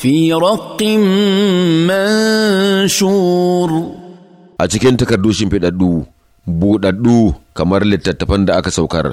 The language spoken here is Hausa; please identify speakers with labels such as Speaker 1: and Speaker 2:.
Speaker 1: في رق منشور
Speaker 2: a cikin takardu shimfiɗaɗɗu buɗaɗɗu kamar littattafan da aka saukar